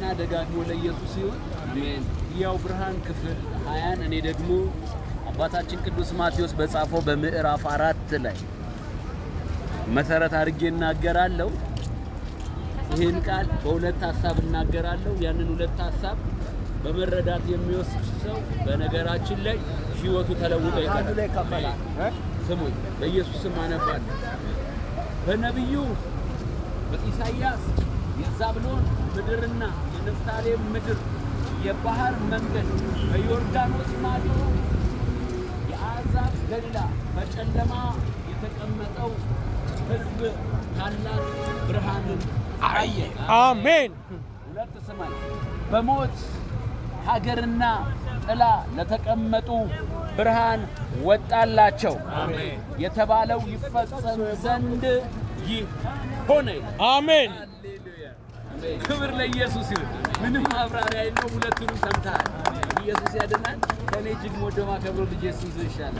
ና ደጋግሞ ለኢየሱስ ይሁን። ያው ብርሃን ክፍል ሀያን እኔ ደግሞ አባታችን ቅዱስ ማቴዎስ በጻፈው በምዕራፍ አራት ላይ መሰረት አድርጌ እናገራለሁ። ይህን ቃል በሁለት ሀሳብ እናገራለሁ። ያንን ሁለት ሀሳብ በመረዳት የሚወስድ ሰው በነገራችን ላይ ህይወቱ ተለውጦ ይቀራል። ስሙኝ፣ በኢየሱስም አነባለሁ። በነቢዩ በኢሳይያስ የዛብሎን ምድርና የንፍታሌም ምድር የባህር መንገድ በዮርዳኖስ ማዶ የአሕዛብ ገሊላ በጨለማ የተቀመጠው ሕዝብ ታላቅ ብርሃንን አየ። አሜን። ሁለት ስማይ በሞት ሀገርና ጥላ ለተቀመጡ ብርሃን ወጣላቸው የተባለው ይፈጸም ዘንድ ይህ ሆነ። አሜን። ክብር ለኢየሱስ ይሁን። ምንም ማብራሪያ የለው። ሁለቱንም ሰምተሃል። ኢየሱስ ያድናል። ከእኔ እጅግ ወደማ ከብሮ ልጄ እሱን ይሻላል።